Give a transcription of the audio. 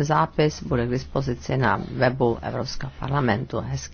Zápis bude k dispozici na webu Evropského parlamentu. Hezký